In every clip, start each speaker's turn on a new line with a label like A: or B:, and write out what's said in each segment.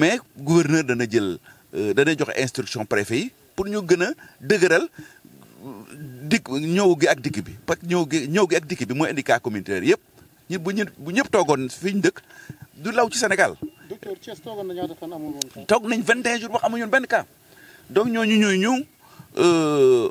A: mais gouverneur dana jël euh, dana joxe instruction préfet yi pour ñu gën a dëgëral euh, dikk ñëw gi ak dikk bi parce que ñëw gi ñëw gi ak dikk bi mooy indi cas communautaire yëpp ñun ñëpp toogoon fi ñu dëkk du law ci Sénégal. docteur toogoon na ñaata fan toog nañ 21 jours wax amuñu woon benn cas donc ñooñu ñooy ñëw. Euh,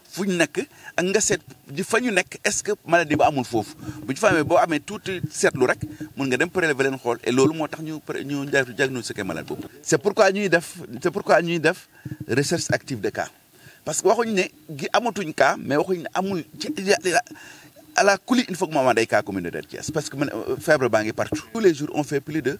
A: fu ñu nekk ak nga seet di fa ñu est-ce que maladie ba amul foofu bu ñu fa amee boo amee tuuti seetlu rek mun nga dem prélever leen xool et loolu moo tax ñu ñu diagnostiqué malade boobu. c'est pourquoi ñuy def c'est pourquoi ñuy def recherche active de cas parce que waxuñ ne gi amatuñ cas mais waxuñ ne amul à la coulée il faut que maman am day cas communautaire parce que man euh, feebar baa ngi partout. tous les jours on fait plus de.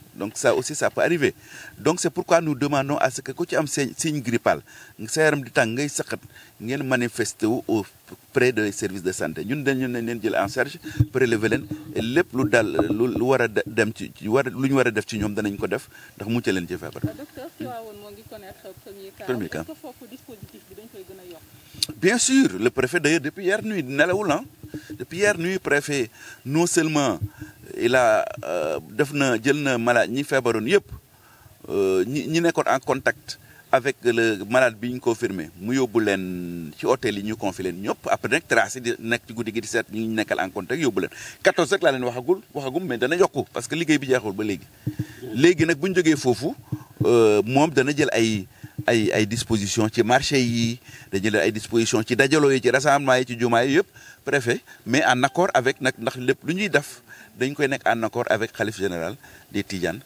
A: Donc ça aussi, ça peut arriver. Donc c'est pourquoi nous demandons à ce que quand tu as un signe grippal, nous manifester auprès des services de santé. Nous devons en charge, services de les plus dal, lu wara dem ci war lu ñu wara def ci ñom dañ ko def ndax mu ci ah, docteur dispositif bien sûr le préfet d'ailleurs depuis hier nuit nelawul hein depuis hier nuit préfet non seulement il a euh, def na malade ñi euh, en contact avec le malade bi ñu confirmé mu yóbbu ci hôtel yi ñu leen après nag tracé di nekk ci guddi gi di en contact yóbbu 14 rek laa leen waxagul waxagum mais dana yokku parce que ay ay disposition ci marché yi dañu leen ay disposition ci dajaloo yi ci rassemblement yi ci jumaa yi yëpp préfet mais en accord avec nak ndax lépp lu ñuy def dañ koy nekk en accord avec Khalif général des tidiane